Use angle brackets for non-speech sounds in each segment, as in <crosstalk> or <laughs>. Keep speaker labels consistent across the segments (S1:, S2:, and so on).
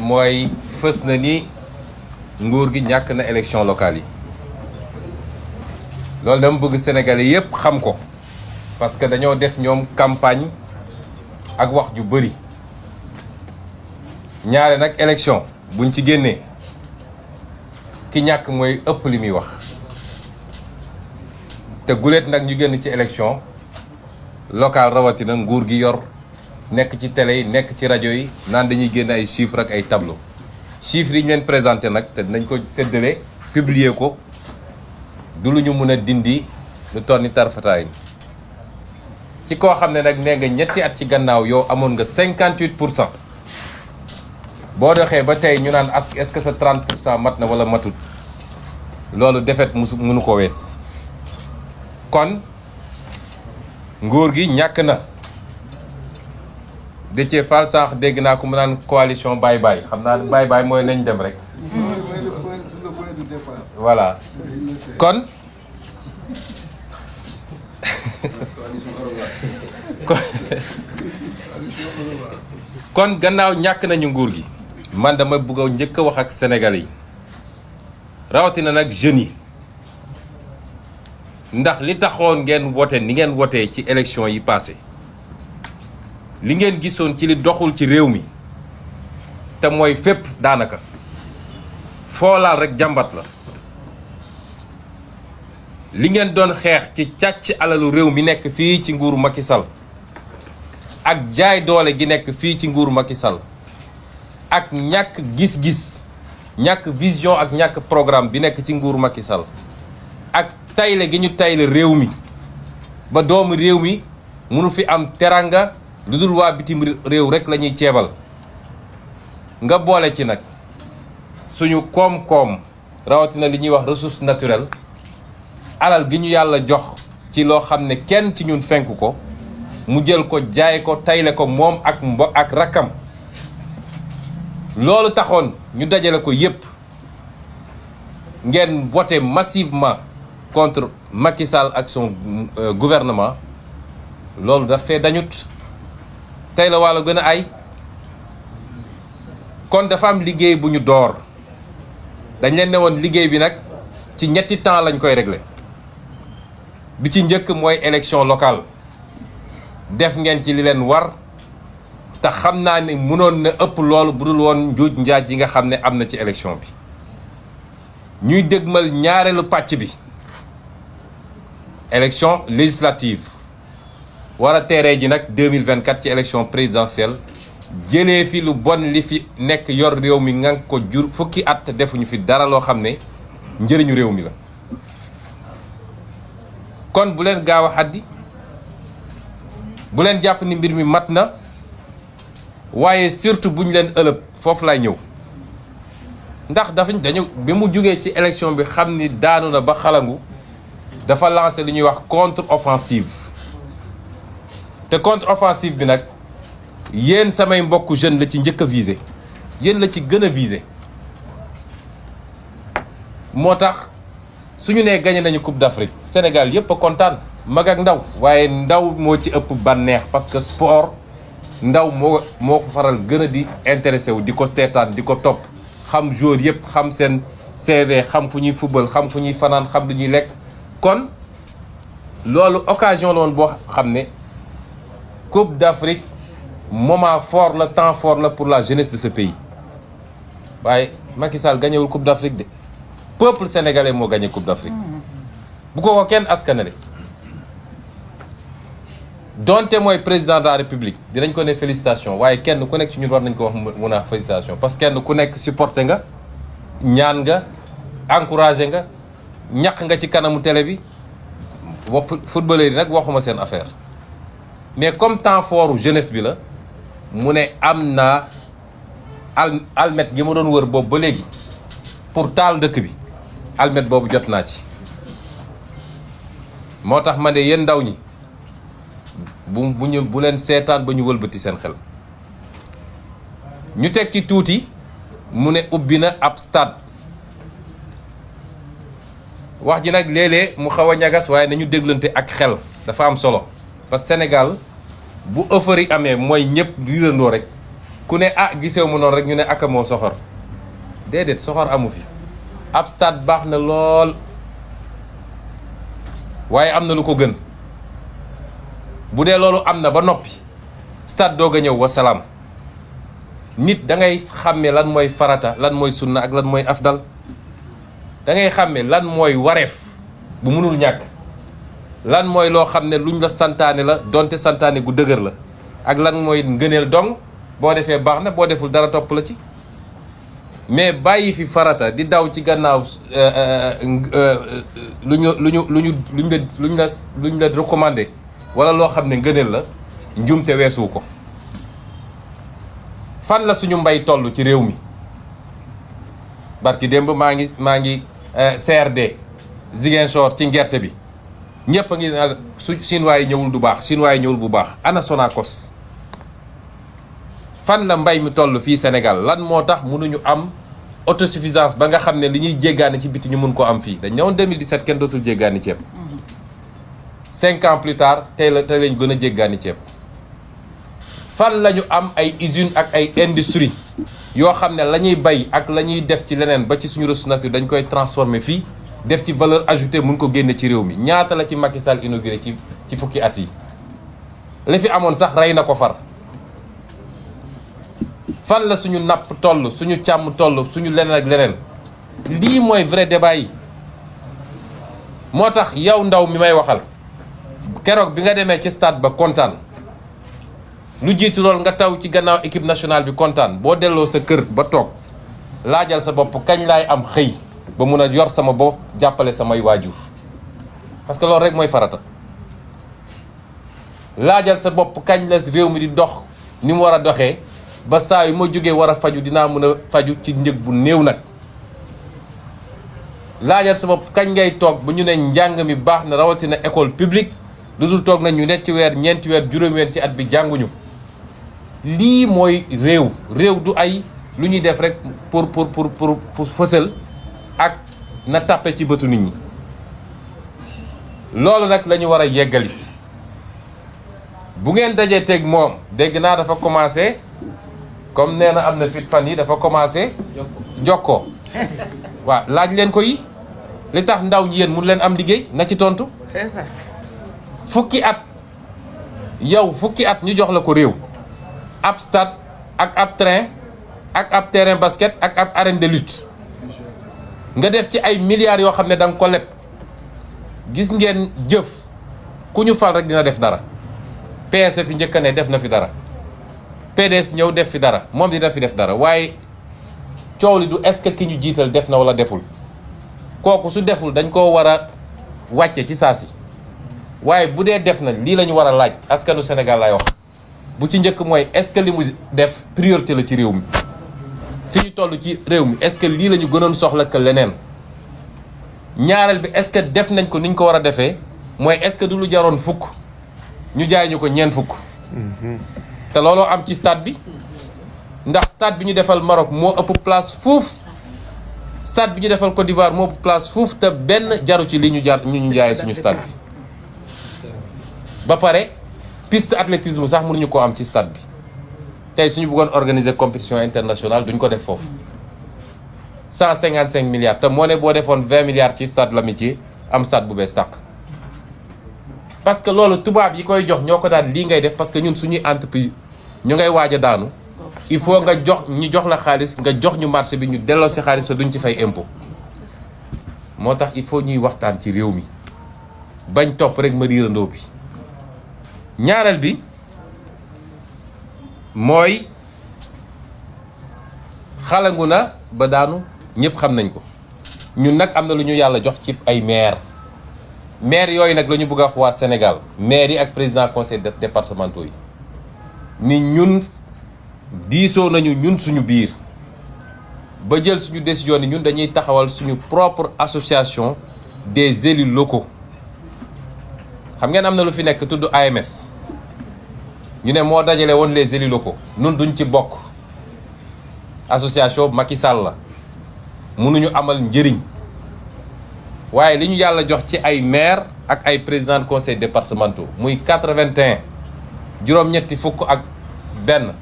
S1: mooy fës na ni nguur gi ñàkk na élection locale yi loolu dama bëgg sénégalais yépp xam ko parce que dañoo def ñoom campagne ak wax ju bëri ñaare nag élection buñ ci génnee ki ñàkk mooy ëpp li wax ñu génn ci élection locale rawatina nguur gi yor Nek ci télé yi nekk ci rajo yi naan dañuy génn ay chiffres ak ay tableau chiffres yi ñu présenté ko publier ko du dindi lu toll ni tarfataay ci koo xam ne nag nee nga ñetti at ci gannaaw yow amoon nga 58 ba ñu ask est-ce que sa 30 pour mat na wala matut loolu defet musu mënu ko kon nguur gi na Déthié Fall sànq dégg naa ko mu naan coalition baay baay xam naa baay baay mooy nañ dem rek. voilà kon. <laughs> kon gannaaw ñàkk nañu nguur gi. man dama bëgg njëkk a wax ak Sénégalais yi rawatina nag jeunes yi ndax li taxoon ngeen wote ni ngeen wotee ci élection yi passé li ngeen gisoon ci li doxul ci réew mi te mooy fépp daanaka foolaal rek jàmbat la li ngeen doon xeex ci càcc alalu réew mi nekk fii ci nguuru Macky sal ak jaay doole gi nekk fii ci nguur Macky sal ak ñàkk gis-gis ñàkk vision ak ñàkk programme bi nekk ci nguuru Macky sal ak tayle gi ñu tayle réew mi ba doomu réew mi mënu fi am teranga lu dul waa bitim réew rek la ñuy ceebal nga boole ci nag suñu koom-koom rawatina li ñuy wax ressource naturelle alal gi ñu yàlla jox ci loo xam ne kenn ci ñun fenk ko mu jël ko jaay ko tayle ko moom ak mbo ak rakkam loolu taxoon ñu dajale ko yépp ngeen voté massivement contre Macky Sall ak son euh, gouvernement loolu daf dañut tey la wàlla gën a ay kon dafa am liggéey bu ñu door dañ leen ne woon liggéey bi nag ci ñetti temps lañ koy regle bi ci njëkk mooy élection locale def ngeen ci li leen war te xam naa ni mënoon na ëpp loolu bu dul woon njuuj njaaj yi nga xam ne am na ci élection bi ñuy dégmal ñaareelu pàcc bi élection législative war a ji nag 2024 ci élection présidentielle jëlee fi lu bon li fi nekk yor réew mi nga ko jur fukki at defuñu fi dara loo xam ne njëriñu réew mi la kon bu leen gaaw a xaddi bu jàpp ni mbir mi mat na waaye surtout bu leen ëlëb foofu laay ñëw ndax dafa dañu bi mu jógee ci élection bi xam ni daanu na ba xalangu dafa lancé li ñuy wax contre offensive te contre-offensive bi nag beaucoup samay jeunes jeune la visé la visé gagné nañu Coupe d'Afrique Sénégal yëpp a mag ak ndaw waye ndaw mo ci ëpp banex parce que sport ndaw mo moko faral di intéressé wu top xam joueur xam CV football xam xam kon lolu occasion Coupe d'Afrique moment fort le temps fort là pour la jeunesse de ce pays waaye Macky Sall la Coupe d'Afrique Le peuple sénégalais gagné la Coupe d'Afrique bu ko ko kenn askanale moi le président de la république dinañ ko ne félicitations. waaye kenn ku nekk ci ñun war nañ ko wax félicitation parce que kenn ku nekk supporter nga ñaan nga encouragé nga ñaq nga ci kanamu télé bi wa footballeur yi nag waxuma seen affaire mais comme temps fooru jeunesse bi la mu ne am na al almet gi ma doon wër boobu ba léegi pour taal dëkk bi almet boobu jot naa ci moo tax ma ne yéen ndaw ñi bu bu ñu bu leen seetaan ba ñu wëlbati seen xel ñu teg ci tuuti mu ne ubbi na ab stade wax ji nag léeg-léeg mu xaw a ñagas waaye nañu déglante ak xel dafa am solo parce que Sénégal bu euphorie amee mooy ñëpp riirandoo rek ku ne ah gisew mu noonu rek ñu ne ak moo soxor déedéet soxor amu fi ab stade baax na lool waaye am na lu ko gën bu dee loolu am na ba noppi stade doog a ñëw wasalaam nit dangay ngay xàmme lan mooy farata lan mooy sunna ak lan mooy afdal da ngay xàmme lan mooy wareef bu mënul ñàkk lan mooy loo xam ne lu luñ la santaane la donte santaane gu dëgër la ak lan mooy ngëneel dong boo defee baax na boo deful dara topp la ci mais bàyyi fi farata di daw ci gannaaw euh, euh, euh, lu ñu lu ñu lu ñu luñ la luñ la luñ la recommandé wala loo xam ne ngëneel la njuumte weesuwu ko fan la suñu mbay toll ci réew mi barki démb maa ngi maa ngi CRD Ziguinchor ci ngerte bi ñëpp a ngi naan su chinois yi ñëwul du baax chinois yi ñëwul bu baax ana Sonacos fan la mbay mi toll fii Sénégal lan moo tax mënuñu am autosuffisance ba nga xam ne li ñuy jéggaani ci biti ñu mun koo am fii dañ ñëwoon 2017 kenn dootul jéggaani ceeb. cinq ans plus tard tey la tey lañ gën a jéggaani ceeb fan lañu am ay usines ak ay industrie yoo xam ne lañuy bay ak la ñuy def ci leneen ba ci suñu ressource nature dañ koy transformer fii. def ci valeur ajoutée mun ko génne ci réew mi ñaata la ci Macky Sall inauguré ci ci fukki at yi li fi amoon sax rey na ko far fan la suñu napp toll suñu càmm toll suñu leneen ak leneen lii mooy vrai de bay moo tax yow ndaw mi may waxal keroog bi nga demee ci stade ba kontaan lu jiitu lool nga taw ci gannaaw équipe nationale bi kontaan boo delloo sa kër ba toog laajal sa bopp kañ laay am xëy ba mun a yor sama bopp jàppale samay waajur parce que loolu rek mooy farata laajal sa bopp kañ la réew mi di dox ni mu war a doxee ba saa yu ma jógee war a faju dinaa mun a faju ci njëg bu néew nag laajal sa bopp kañ ngay toog ba ñu ne njàng mi baax na rawatina école publique lu dul toog na ñu ci weer ñeenti weer juróomi weer ci at bi jànguñu lii mooy réew réew du ay lu ñuy def rek pour pour pour pour fësal na tàppe ci bëtu nit ñi loolu nag lañu ñu war a yeggali bu ngeen dajee teg moom dégg naa dafa commencé comme nee na am na fit fan yi dafa commencé ko waaw laaj leen ko yi li tax ndaw ñi yéen mun leen am liggéey na ci tontu fukki at yow fukki at ñu jox la ko réew ab stat ak ab train ak ab terrain basket ak ab arène de nga def ci ay milliards yoo xam ne da nga ko leb gis ngeen jëf ku ñu fal rek dina def dara PS fi njëkk ne def na fi dara PDS ñëw def fi dara moom dina fi def dara waaye coow li du est-ce que ki ñu jiital def na walla deful kooku su deful dañ koo war a wàcce ci saa si waaye bu dee def na lii la ñu war a laaj askanu Sénégal lay wax bu ci njëkk mooy est-ce que li mu def priorité la ci réew mi. fi ñu toll ci réew mi est-ce lii la ñu gënoon soxla que leneen ñaareel bi est-ce def nañ ko ni ñu ko war a defee mooy est-ce que du lu jaroon fukk ñu jaay ñu ko ñeen fukk. Mhm. te looloo am ci stade bi ndax stade bi ñu defal Maroc moo ëpp place fuuf stade bi ñu defal Côte d'Ivoire moo ëpp place fuuf te benn jaru ci li ñu jaar ñu ñu jaayee suñu stade bi ba pare piste athlétisme sax mënuñu koo am ci stade bi. suñu organiser compétition internationale duñ ko def 155 milliards Nous 20 milliards ci stade l'amitié stade parce que nous tubab yi koy jox ñoko daan ngay def parce que ñun suñu entreprise ñu ngay daanu il faut nga jox ñu jox la nga jox ñu marché bi ñu il faut ñuy waxtaan ci réew mi bañ top rek bi mooy xalangu na ba daanu ñëpp xam nañ ko ñun nag am na lu ñu yàlla jox ci ay maire maire yooyu nag lañu ñu bëgg a wax waa Sénégal maire yi ak président conseil départementaux yi ni ñun diisoo nañu ñun suñu biir ba jël suñu décision ni ñun dañuy taxawal suñu propre association des élus locaux xam ngeen am na lu fi nekk tudd AMS ñu né mo dajalé won les élus locaux nun duñ ci bok association Macky Sall mënuñu amal njëriñ waye liñu yalla jox ci ay maire ak ay président de conseil départemental muy 81 juroom ñetti fukk ak ben.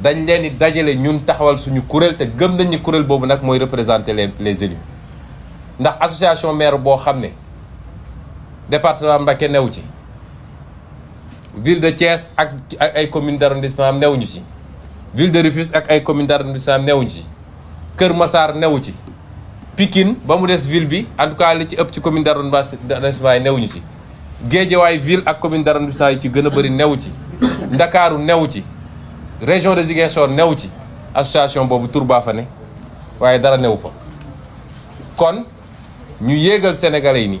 S1: dañ leen di dajalé ñun taxawal suñu kuréel te gëm nañ ni kuréel bobu nak moy représenter les les élus ndax association maire bo xamné département Mbacké new ci ville de Thiès ak ak ay communes d' arrondissement am ci ville de Rufisque ak ay commune d' arrondissement am ci Kër Massar new ci Pikine ba mu des ville bi en tout li ci ëpp ci commune d' new ñu newuñu ci Géejawaay ville ak commune d' arrondissement yi ci gën a bëri newu ci Ndakaaru newu ci région de Ziguinchor newu ci association boobu tur fa ne waaye dara new fa kon ñu yéegal sénégalais yi nii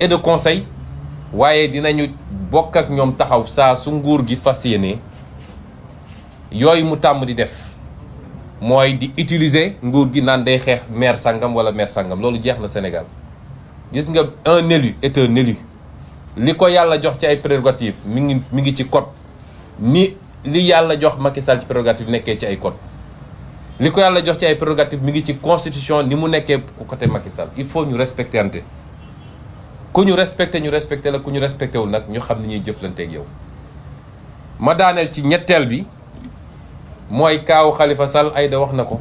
S1: et de conseil waye dinañu bokk ak ñom taxaw sa su nguur gi fas yoy mu tam di def moy di utiliser nguur gi nan day xex maire sangam wala maire sangam lolu jeex na Sénégal gis nga un élu est un élu li ko yàlla jox ci ay prérogatives mi ngi mi ngi ci code ni li yalla jox Macky Sall ci prérogative nekké ci ay code liko yalla jox ci ay prérogatives mi ngi ci constitution ni mu nekkee côté Macky Sall il faut ñu respecter ante kuñu respecter respecté ñu respecté la kuñu ñu respecté wul nag ñu xam ni ñuy ak yow ma daaneel ci ñetteel bi mooy kaawu Khalifa Sall da wax na ko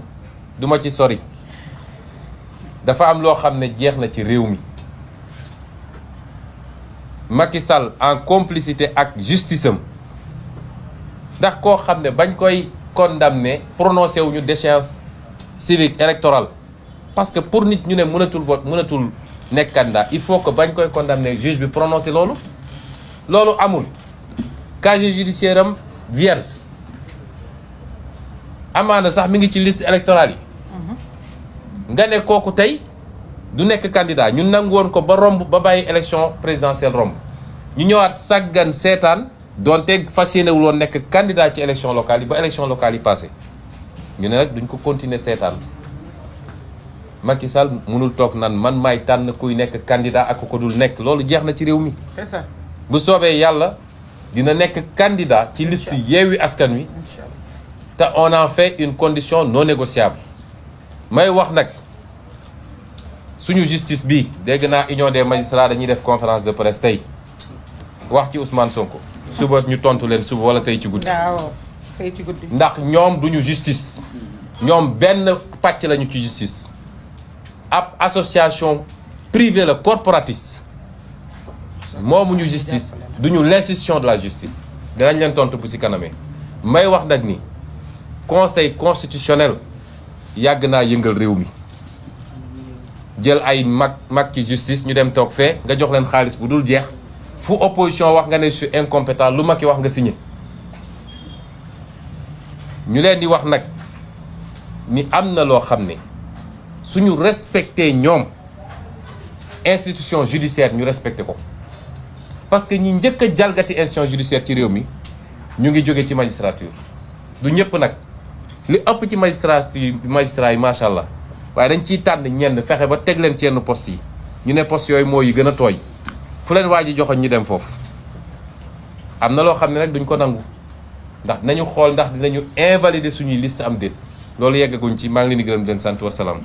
S1: duma ci sori dafa am loo xam ne na ci réew mi Macky Sall en complicité ak justice am ndax koo xam ne bañ koy condamné prononcé ñu déchéance civique électorale parce que pour nit ñu ne mënatul vote mënatul nekk candidat il faut que bagn koy condamner juge bi prononcer lolu lolu amul casier judiciaire vierge amana sax mi ngi ci liste électorale yi nga ne koku tay du nek candidat ñun nang woon ko ba romb ba bàyyi élection présidentielle romb ñu ñëwaat sàggan seetaan donte fas yéenewul woon nek candidat ci élection locale ba élection locale yi passé ñu ne nag duñ ko continuer seetaan Macky Sall mënul tok nan man may tan kuy nek candidat ak ko dul nek lolou jeex na ci réew mi. c'est ça bu sobe yalla dina nek candidat ci liste yeewi askan wi. ta on a fait une condition non négociable. may wax nag suñu justice bi dégg na union des magistrats dañuy def conférence de presse tay wax ci Ousmane Sonko. suba ñu tontu len suba wala tay ci guddi. tey ci guddi. ndax ñom duñu justice. ñom benn patch lañu ci justice association privée le corporatiste justice l'institution de la justice dinañ tontu bu may que conseil constitutionnel yagna naa réuni djel ay justice ñu dem tok fait nga jox leen xaliss bu dul opposition wax nga ne su incompétent lu wax nga signé ni suñu respecter ñoom institution judiciaire ñu respecté ko parce que ñi njëkk a jalgati institution judiciaire ci réew mi ñu ngi jóge ci magistrature du ñëpp nag li ëpp ci magistrature magistrat yi macha allah waaye dañ ciy tànn ñenn fexe ba teg leen ci yenn poste yi ñu ne poste yooyu mooy yu gën a fu leen waa joxoon ñu dem foofu am na loo xam ne nag duñ ko nangu ndax nañu xool ndax dinañu invalider suñuy liste am déet loolu yeggaguñ ci maa ngi leen di gërëm di leen sant wasalaam